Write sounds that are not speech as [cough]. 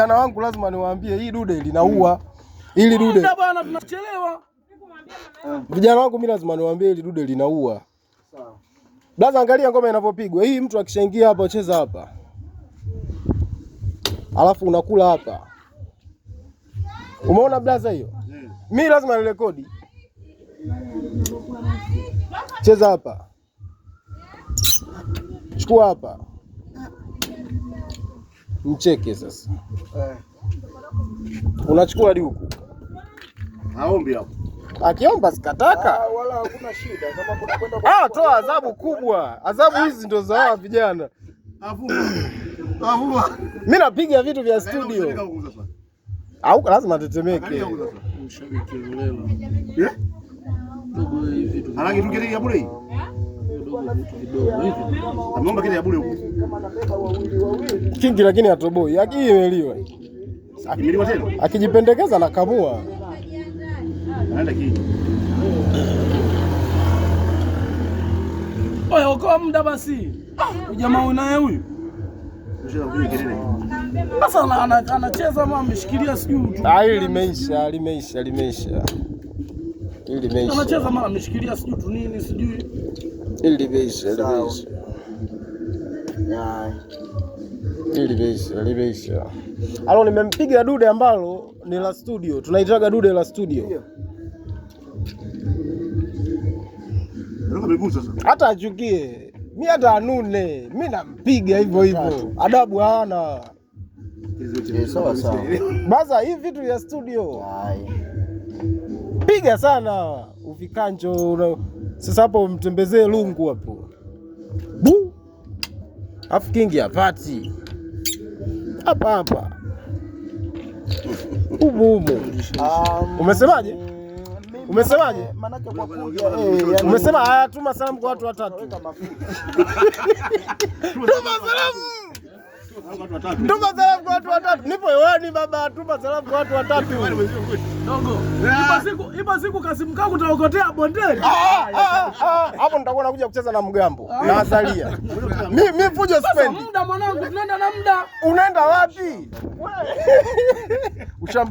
Jana wangu lazima niwaambie hii dude linaua. Hili dude. Ndio bwana tunachelewa. Vijana wangu mimi lazima niwaambie hili dude linaua. Sawa. Blaza, angalia ngoma inavyopigwa. Hii mtu akishaingia hapa ucheza hapa. Alafu unakula hapa. Umeona blaza hiyo? Yeah. lazima nirekodi. Cheza hapa. Chukua hapa mcheke sasa eh. Unachukua hadi huku naombi hapo akiomba sikataka ah, toa adhabu kubwa. Adhabu hizi ndo za hawa vijana. Mimi napiga vitu vya studio au lazima tetemeke Ameomba kile ya bure huko. Kingi lakini atoboi. Akii imeliwa. Akimeliwa tena. Akijipendekeza na kamua. Naenda kingi. Oya, okoa muda basi. Ah, ujamaa unaye huyu. Sasa anacheza ama ameshikilia sijui. Ah, limeisha, limeisha, limeisha. Ili Anacheza mara ameshikilia sijui tu nini sijui. Ili limeisha, limeisha. Ili limeisha, limeisha. Alo nimempiga dude ambalo ni la studio. Tunaitaga dude la studio. Hata achukie. Mi hata anune. Mi nampiga hivyo hivyo. Adabu hana. Eh, Baza hii vitu vya studio. Ay. Piga sana hawa uvikanjo. Sasa hapo umtembezee lungu hapo, bu afu kingi apati hapa hapa humo um, Umesemaje? Umesemaje? Eh, Umesema haya, tuma salamu kwa watu watatu. Tuma salamu [laughs] Tuma salamu kwa watu watatu. Nipo hewani baba, tuma salamu kwa watu watatu. Ipo siku, ipo siku kasimu kangu bondeni. Hapo nitakuwa nakuja kucheza na mgambo na azalia Mimi mimi fujo spend. Muda mwanangu, tunaenda na muda. Unaenda wapi? Ushamba